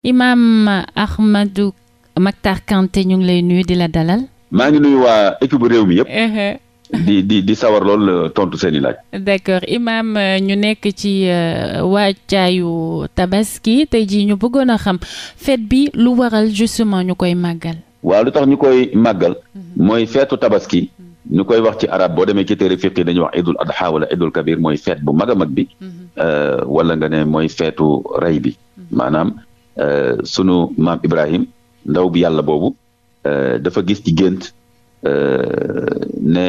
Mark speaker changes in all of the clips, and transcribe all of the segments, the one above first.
Speaker 1: Imam Ahmadou Mactar Kanté ñu ngi lay nuyu di la dalal.
Speaker 2: maa ngi nuyu waa équipe réew mi yëpp. di di di sawar lool euh, tontu seen i laaj.
Speaker 1: d'accord Imaam euh, ñu nekk ci euh, waajtaayu tabaski tey jii ñu bëggoon a xam fête bi lu waral justement ñu koy màggal.
Speaker 2: waaw lu tax ñu koy màggal. Mhm. mooy feetu tabaski. Mhm. ñu koy wax ci arab boo demee ci téere fiq yi dañuy wax idul adha wala idul kabir mooy feet bu mag a mag bi. Mhm. wala nga ne mooy feetu rey bi maanaam. Euh, sunu maam Ibrahim ndaw bi yàlla boobu euh, dafa gis ci gént euh, ne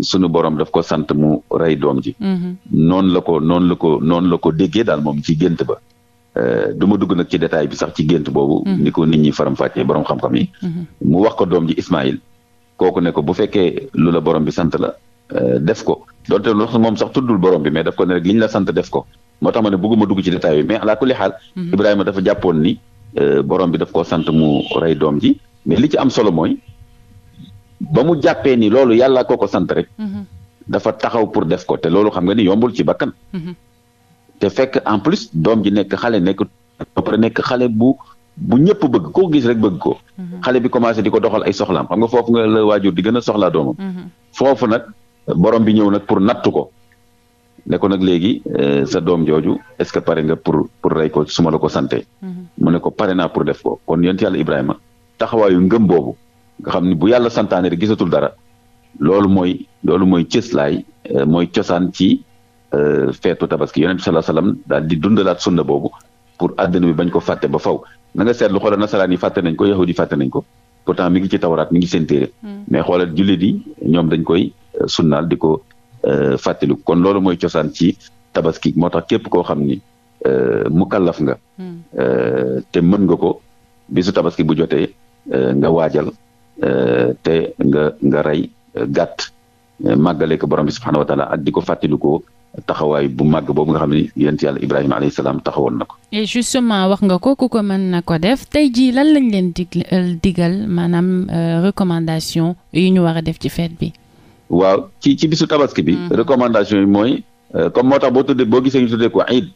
Speaker 2: sunu borom daf ko sant mu rey doom ji. Mhm. noonu la ko noonu la ko noonu la ko déggee daal moom ci gént ba. du ma dugg nag ci détail bi sax ci gént boobu. Mhm. ni ko nit ñi faram-fàccee borom xam-xam yi. Mhm. mu wax ko doom ji Ismaïl. kooku ne ko bu fekkee lu la borom bi sant la def ko donte loolu moom sax tuddul borom bi mais daf ko ne rek li la sant def ko. moo tax ma ne bëgguma dugg ci détail bi mais alaa kulli xaal mhm. Ibrahima dafa jàppoon ni euh, borom bi daf koo sant mu rey doom ji mais li ci am solo mooy ba mu jàppee ni loolu yàlla ko ko sant rek mhm. dafa taxaw pour def ko te loolu xam nga ni yombul ci bakkan mhm. te fekk en plus doom ji nekk xale nekk ba nekk xale bu bu ñëpp bëgg koo gis rek bëgg ko xale bi commencé di ko doxal ay soxlaam xam nga foofu nga la waajur di gën a soxlaa doomam foofu nag borom bi ñëw nag pour nattu ko ne ko nag léegi euh, sa doom jooju est ce que pare nga pour pour rey suma la ko sante mhm. mu ne ko pare na pour def ko kon yonent yàlla Ibrahima taxawaayu ngëm boobu nga xam ni bu yàlla santaane rek gisatul dara loolu mooy loolu mooy cëslaay euh, mooy cosaan ci euh, feetu tabaski yonent bi salaa salaam daal di dundalaat sunna boobu pour àddina bi bañ ko fàtte ba faw na nga seetlu xoolal nasaraan yi fàtte nañ ko yahud yi fàtte nañ ko pourtant mi ngi ci tawraat mi ngi seen téere mm. mais xoolal yi ñoom dañ koy sunnaal di Euh, fàttaliku kon loolu mooy cosaan ci tabaski moo tax képp koo xam ni euh, mu kàllaf nga. Hmm. Euh, te mën nga ko bisu tabaski bu jotee nga waajal te nga nga rey gàtt màggale ko borom bi subxanahu wa taala ak di ko fàttalikoo. taxawaay bu màgg boobu nga xam ne yonent yàlla Ibrahima alayhi salaam taxawoon na ko.
Speaker 1: et justement wax nga ko ku ko mën na ko def tey jii lan lañ leen dig digal maanaam recommandation yu ñu war a def ci feet bi.
Speaker 2: waaw ci ci bisu tabaski bi. Mm-hmm. recommandation yi mooy euh, comme moo tax boo tuddee boo gisee ñu tuddee ko iid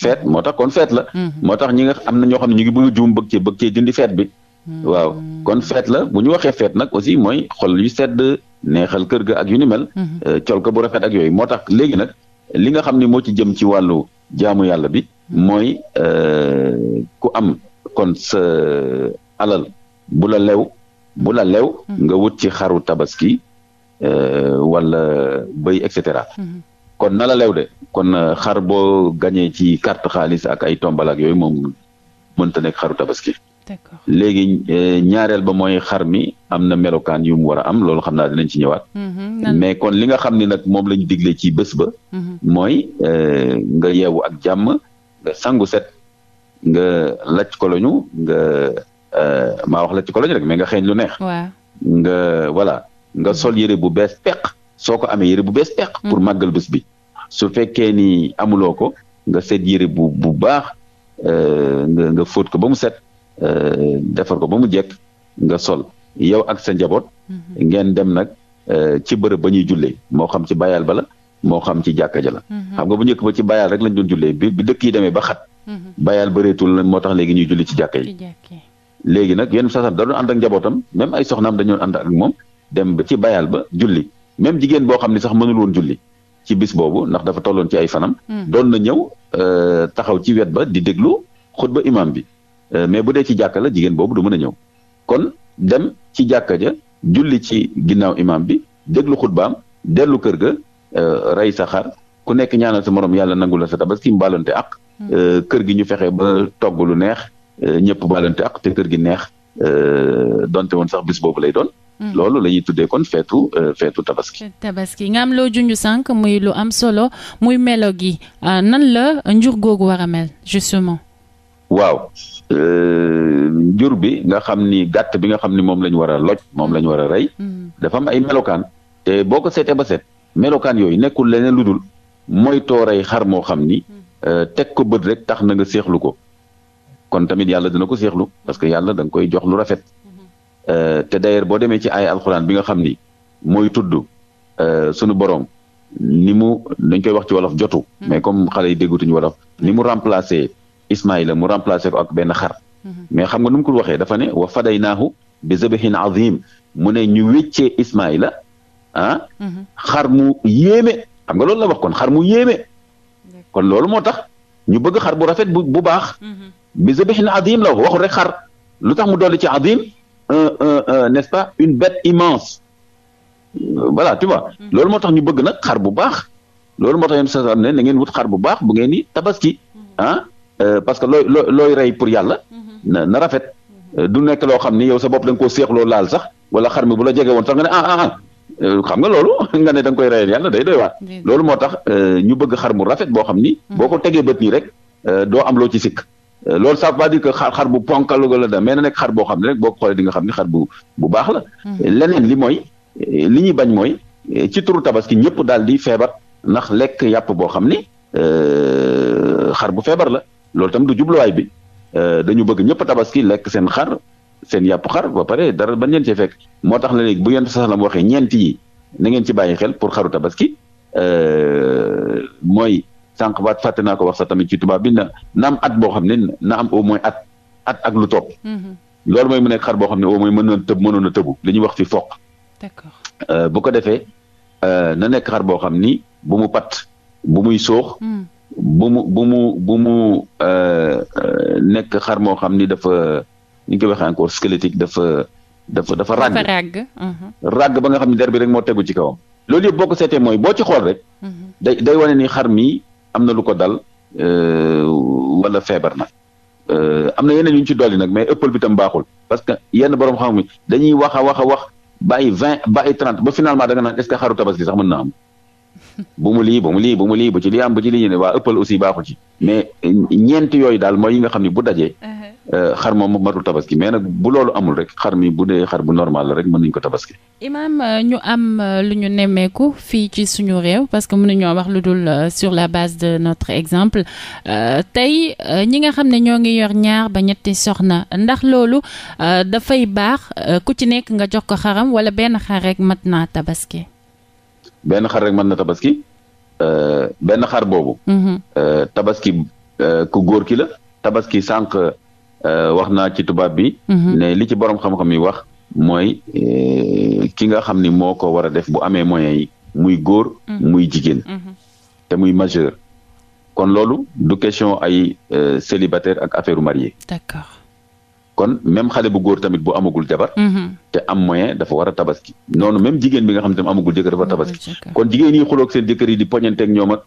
Speaker 2: feet moo tax kon feet la. Mm-hmm. moo tax ñi nga am na ñoo xam ne ñu ngi bëgg juum bëgg cee bëgg cee dindi feet bi. Mm-hmm. waaw kon feet la bu ñu waxee feet nag aussi mooy xol yu sedd neexal kër ga ak yu ni mel. Euh, col ko bu rafet ak yooyu moo tax léegi nag li nga xam ne moo ci jëm ci wàllu jaamu yàlla bi mooy euh, ku am kon sa alal bu la lew bu la lew. nga wut ci xaru tabaski. Euh, wala bëy et cetera. Mhm. kon na la lew de kon euh, xar boo gañee ci carte xaalis ak ay tombal ak yooyu moom mënta nekk xaru tabaski. d'accord léegi euh, ñaareel ba mooy xar mi am na melokaan yu mu war am loolu xam naa dinañ ci ñëwaat. Mhm. mais kon li nga xam ne nag moom lañ digle ci bés ba. Mhm. mooy nga yeewu ak jàmm nga sangu set nga lacc koloñu nga maa wax lacc koloñu rek mais nga xeeñ lu neex. nga voilà nga sol yére bu bees peq soo ko amee yére bu bees peq mm. pour màggal bés bi su fekkee ni amuloo ko nga seet yére bu bu baax euh, nga fóot ko ba mu set euh, defar ko ba mu jekk nga sol yow ak sa njaboot mm-hmm. ngeen dem nag euh, ci bërëb ba ñuy jullee moo xam ci bayal ba la moo xam ci jàkka ja la mm-hmm. xam nga bu njëkk ba ci bayal rek lañ doon jullee bi bi yi demee ba xat mm-hmm. bayal bëreetul moo tax léegi ñuy julli ci jàkka yi léegi nag yenn saa da doon ànd njabootam même ay soxnaam dañoon ànd ak moom dem ba ci bayaal ba julli même jigéen boo xam ne sax mënul woon julli ci bis boobu ndax dafa tolloon ci ay fanam. Hmm. doon na ñëw euh, taxaw ci wet ba di déglu xutba imam bi euh, mais bu dee ci jàkka la jigéen boobu du mën a ñëw kon dem ci jàkka ja julli ci ginnaaw imam bi déglu xutbaam dellu kër ga euh, rey sa ku nekk ñaanal sa morom yàlla nangu la sa tabaski mbaalante ak. Hmm. kër gi ñu fexe ba togg lu neex ñëpp baalante ak te kër gi neex donte woon sax bis boobu lay doon Hmm. loolu la ñuy tuddee kon feetu euh, feetu tabaski.
Speaker 1: tabaski nga am loo junj sànq muy lu am solo muy melo gi euh, nan la njur googu war a mel justement.
Speaker 2: waaw euh, njur bi nga xam ni gàtt bi nga xam ni moom lañu ñu war a loj moom la ñu war a rey. Hmm. dafa am ay melokaan te boo ko seetee ba seet melokaan yooyu nekkul leneen lu dul mooy tooray xar moo xam ni. Hmm. teg ko bët rek tax na nga seexlu ko kon tamit yàlla dina ko seexlu parce que yàlla da nga koy jox lu rafet. Euh, te d'ailleurs boo demee ci ay alxuraan bi nga xam ni mooy tudd euh, sunu borom ni mu dañ koy wax ci wolof jotu. Hmm. mais comme xale yi déggutuñu wolof hmm. ni mu remplacer Ismaïla mu remplacer ko ak benn xar. Hmm. mais xam nga nu mu ko waxee dafa ne wa fadaynaahu bi zabihin azim mu ne ñu wéccee Ismaïla ah. xar mu yéeme xam nga loolu la wax kon xar mu yéeme. kon loolu moo tax ñu bëgg xar bu rafet bu baax. bi zabihin azim la wax rek xar lu tax mu dolli ci azim. un un un ce pas une bête immense euh, voilà tu vois. Mm-hmm. loolu moo tax ñu bëgg nag xar bu baax loolu moo tax yéen sa ne na ngeen wut xar bu baax bu ngeen di tabaski mm-hmm. ah euh, parce que looy looy rey pour yàlla mm-hmm. na rafet du nekk loo xam ni yow sa bopp da ko seexloo laal sax wala xar mi bu la jege woon sax nga ne ah ah, ah. Euh, xam nga loolu nga ne da koy reyal yàlla day doy waat loolu moo tax ñu bëgg xar mu rafet boo xam ni boo ko tegee bët nii rek doo am loo ci sikk loolu sa veut pas dire que xar xar bu ponkal la dem mais na nekk xar boo xam ne boo ko xoolee di nga xam ne xar bu bu baax la. Hmm. leneen li mooy li ñuy bañ mooy ci turu tabaski ñëpp daal di feebar ndax lekk yàpp boo xam ni euh, xar bu feebar la loolu tam du jubluwaay bi euh, dañu bëgg ñëpp tabaski lekk seen xar seen yàpp xar ba pare dara bañ leen cee fekk moo tax la léegi bu yent sax la mu waxee ñeent yi na ngeen ci bàyyi xel pour xaru tabaski euh, mooy sànq waat fàtte naa ko wax sax tamit ci tubaab bi na na at boo xam ne na am au moins at ak lu topp. Mhm. loolu mooy mu nekk xar boo xam ne au moins mën a tëbu li ñuy wax ci foq. d'accord euh, bu ko defee euh, na nekk xar boo xam ni bu mu pat bu muy soox. Mhm. bu mu bu mu bu mu euh, nekk xar moo xam ni dafa ni ñu koy waxee encore squelettique dafa dafa dafa
Speaker 1: ràgg.
Speaker 2: Mhm. ba nga xam ne der bi rek moo tegu ci kawam. loolu yëpp boo ko seetee mooy boo ci xool rek. day day wane ni xar mi am na lu ko dal euh, wala feebar na euh, am na yeneen yu ñu ci dolli nag mais ëppal bi tam baaxul parce que yenn borom xam mi dañuy wax a wax a wax bàyyi vingt bàyyi trente ba finalement da nga naan est ce que xaru na am bu mu lii bu mu lii bu mu lii bu ci lii am bu ci lii ñu ne waa ëppal aussi baaxu ci mais ñeent yooyu daal mooy yi nga xam ni bu dajee eh. Euh, xar moom matul tabaski mais nag bu loolu amul rek xar mi bu dee xar bu normal la rek mën nañ ko tabaski.
Speaker 1: imaam euh, ñu am euh, lu ñu nemmeeku fii ci suñu réew parce que nañoo wax lu dul sur la base de notre exemple tey ñi nga xam ne ñoo ngi yor ñaar ba ñetti soxna ndax loolu dafay baax ku ci nekk nga jox ko xaram wala benn xar rek mat naa tabaski.
Speaker 2: benn xar rek mën na tabaski benn xar boobu. Mhm. tabaski ku góor ki la tabaski sànq. Euh, wax naa ci tubaab bi. Mhm. ne li ci borom xam-xam yi wax mooy euh, ki nga xam ni moo ko war a def bu amee moyens yi muy góor. Mhm. muy jigéen. Mhm. te muy majeur. kon loolu du question ay euh, célibataire ak affaire marié. d'accord. kon même xale bu góor tamit bu amagul jabar te am moyen dafa war a tabaski noonu même jigéen bi nga xam ne amagul jëkkër dafa tabaski kon jigéen yi xuloog seen jëkkër yi di poñanteeg ñoom ak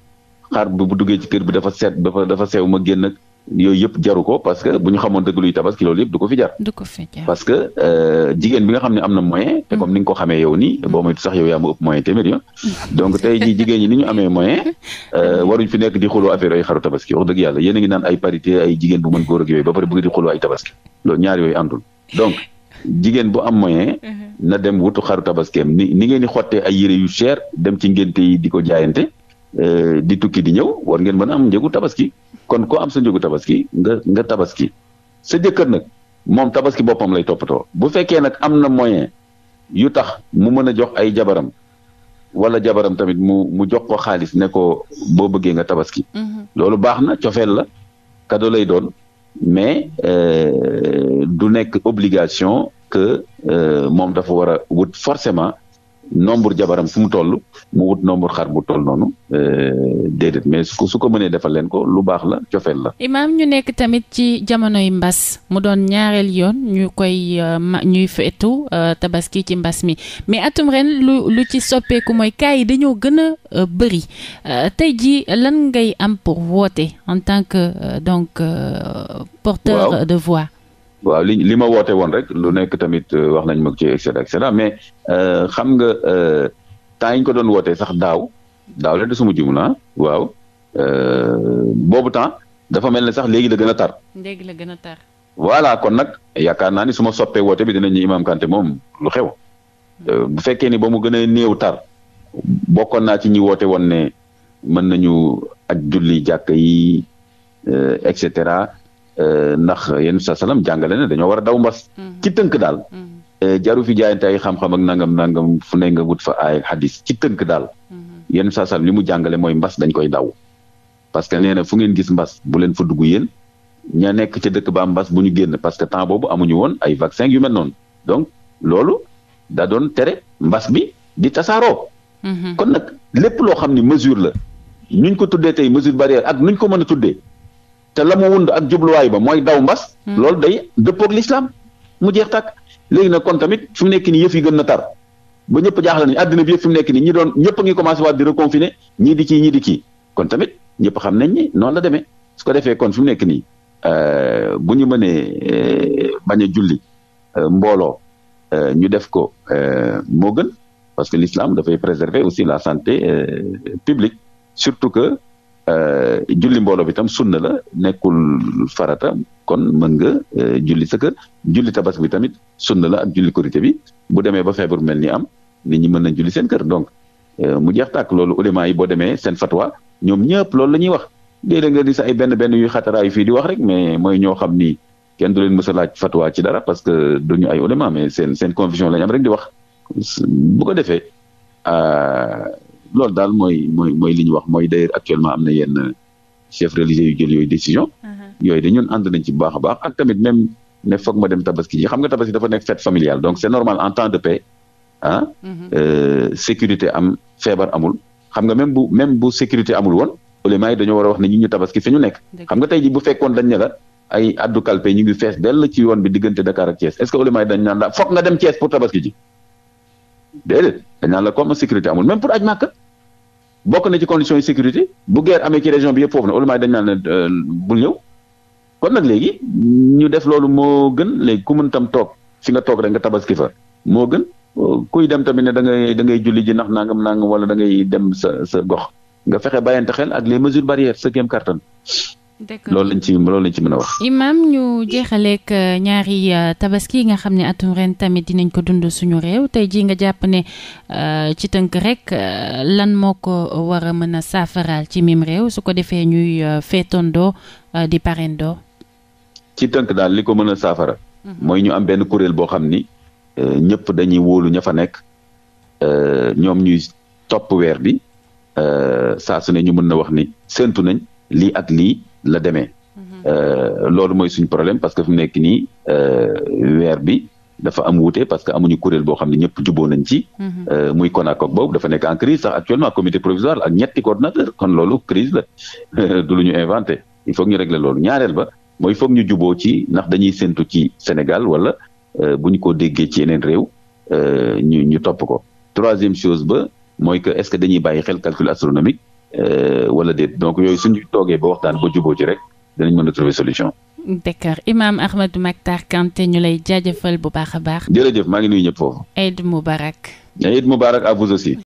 Speaker 2: xaar bu duggee ci kër bi dafa seet dafa dafa sew ma génn yooyu yëpp jaru ko parce que bu ñu xamoon dëgg luy tabaski loolu yëpp du ko fi jar. du ko fi jar parce que euh, jigéen bi nga xam ne am na moyen. te comme mm. ni ko xamee yow nii mm. boo moytu sax yow yaa ëpp moyen téeméer yoon. donc tey jigéen ñi ni ñu amee moyen euh, waruñ fi nekk di xuloo affaire ay xaru tabaski a ngi naan ay parité ay jigéen bu mën góor ak bu am moyen mm-hmm. na dem wutu xaru tabaskeem ni ni ngeen di xottee ay yére yu cher dem ci ngénte yi di ko jaayante Euh, di tukki di ñëw war ngeen mën a am njëgu tabaski kon ko am sa njëgu tabaski nga nga tabaski sa jëkkër nag moom tabaski boppam lay toppatoo bu fekkee nag am na moyen yu tax mu mën a jox ay jabaram wala jabaram tamit mu mu jox ko xaalis ne ko boo bëggee nga tabaski. Mhm. loolu baax na cofeel la cadeau lay doon mais euh, du nekk obligation que euh, moom dafa war a wut forcément. nombre jabaram fu mu toll mu wut nombre xar bu toll noonu euh, déedéet mais su ko mënee defal leen ko lu baax la cofeel la.
Speaker 1: imaam ñu nekk tamit ci jamonoy mbas mu doon ñaareel yoon ñu koy euh, ma ñuy feetu euh, tabaski ci mbas mi mais atum ren lu lu ci soppeeku mooy cas yi dañoo gën a bëri tey jii lan ngay am pour voter en tant que donc. porteur de voix.
Speaker 2: waaw li li ma woote woon rek lu nekk tamit euh, wax nañ ma ci et cetera mais euh, xam nga euh, temps yi ñu ko doon wootee sax daaw daaw la de suma jumu naa ah, waaw boobu temps dafa mel ne sax léegi la gën a tar.
Speaker 1: léegi la gën a tar.
Speaker 2: voilà kon nag yaakaar naa ni suma ma soppee woote bi dinañu Imam Kanté moom lu xew bu fekkee ni ba mu gën a néew tar bokkoon naa ci ñi woote woon ne mën nañu ak julli jàkk yi et cetera. Euh, ndax yenn saa salaam jàngale ne dañoo war a daw mbas. Mm-hmm. ci tënk daal. Mm-hmm. Euh, jaru fi jaayante ay xam-xam ak nangam nangam fu ne nga wut fa ay hadis ci tënk daal. Mm-hmm. yenn saa li mu jàngale mooy mbas dañ koy daw. parce que nee na fu ngeen gis mbas bu leen fa dugg yéen ña nekk ca dëkk ba mbas bu ñu génn parce que temps boobu amuñu woon ay vaccin yu mel noonu donc loolu da doon tere mbas bi di tasaaroo. kon nag lépp loo xam ni mesure la ñuñ ko tuddee tey mesure bari ak nuñ ko mën a tuddee. te la mu wund ak jubluwaay ba mooy daw mbas. Hmm. loolu day dëppoog lislaam mu jeex tàkk léegi nag kon tamit fi mu nekk nii yëf yi gën na tar ba ñëpp jaaxle nañu àddina bi yëpp fi mu nekk nii ñi doon ñëpp a ngi commencé waat di reconfiner di kii ñii di kii kon tamit ñëpp xam nañ ni noonu la demee su ko defee kon fi mu nekk nii euh, bu ñu mënee euh, bañ a julli euh, mbooloo ñu def ko moo gën parce que l'islam dafay préserver aussi la santé publique surtout que Euh, julli mbooloo bi tam sunna la nekkul farata kon mën nga euh, julli sa kër julli tabaski bi tamit sunna la ak julli korité bi bu demee ba feebar mel ni am ni ñi mën nañ julli seen kër donc euh, mu jeex tàkk loolu ulema yi boo demee seen fatwa ñoom ñëpp loolu la ñuy wax léeg-léeg nga gis ay benn benn yuy xataraayu fii di wax rek mais mooy ñoo xam ni kenn du leen mës a laaj fatwa ci dara parce que duñu ay ulema mais seen seen conviction la rek di wax bu ko defee loolu daal mooy mooy mooy li ñu wax mooy d'ailleurs actuellement am na yenn chef religieux yu jël yooyu décision uh-huh. yooyu de ñun ànd nañ ci bu baax a baax ak tamit même ne foog ma dem tabaski ji xam nga tabaski dafa nekk fête familiale donc c'est normal en temps de ah, uh-huh. euh, am feebar amul xam nga même bu même bu sécurité amul woon ulama yi dañoo war wax ne ñi ñu tabaski fi ñu nekk xam nga tey ji bu fekkoon dañ ne la ay addu kalpe ñu ngi fees dell ci yoon bi diggante Dakar ak Thiès est-ce que ulama yi dañ naan la foog nga dem Thiès pour tabaski ji dañ naan la comme sécurité amul même pour aj Màkka bokk na ci condition yi sécurité bu guerre amee ci région bi yëpp foofu na olumaay dañ naan euh, bul ñëw kon nag léegi ñu def loolu moo gën léegi ku mën tam toog fi nga toog rek nga tabaski fa moo gën kuy dem tamit ne da ngay da ngay julli ji ndax nangam nangam wala da ngay dem sa sa gox nga fexe bàyyante xel ak les mesures barrières sa kéem kartan d'accord loolu lañ ci loolu lañ ci mën a wax.
Speaker 1: Imaam ñu jeexaleeg euh, ñaari euh, tabaski nga xam ne atum ren tamit dinañ ko dund suñu réew tey jii nga jàpp ne euh, ci tënk rek lan moo ko war a mën a saafaraal ci mim réew su ko defee ñuy feetandoo di parendoo.
Speaker 2: ci tënk daal li ko mën a saafara. Mhm. mooy ñu am benn kuréel boo xam ni ñëpp dañuy wóolu ña fa nekk ñoom ñuy topp weer bi saa su ne ñu mën na wax ni séntu nañ lii ak lii. la demee. Mhm. Euh, loolu mooy suñu problème parce que fu mu nekk nii euh, weer bi dafa am wute parce que amuñu kuréel boo xam ne ñëpp juboo nañ ci. Mhm. Euh, muy CONACOC boobu dafa nekk en crise sax actuellement comité provisoire ak ñetti coordonnateur kon loolu crise la du lu ñu inventé il faut que ñu régler loolu ñaareel ba mooy foog ñu juboo ci ndax dañuy séntu ci Sénégal wala bu ñu ko déggee ci yeneen réew ñu ñu topp ko troisième chose ba mooy que est-ce que dañuy bàyyi xel calcul astronomique. Euh, wala déet donc yooyu suñu toogee ba waxtaan ba juboo ci rek danañ mën a trouver solution.
Speaker 1: d'accord Imam Ahmadou Mactar Kanté ñu lay jaajëfal bu baax a baax.
Speaker 2: jërëjëf maa ngi nuyu ñëpp foofu.
Speaker 1: Eid Moubarak.
Speaker 2: Eid Moubarak à vous aussi.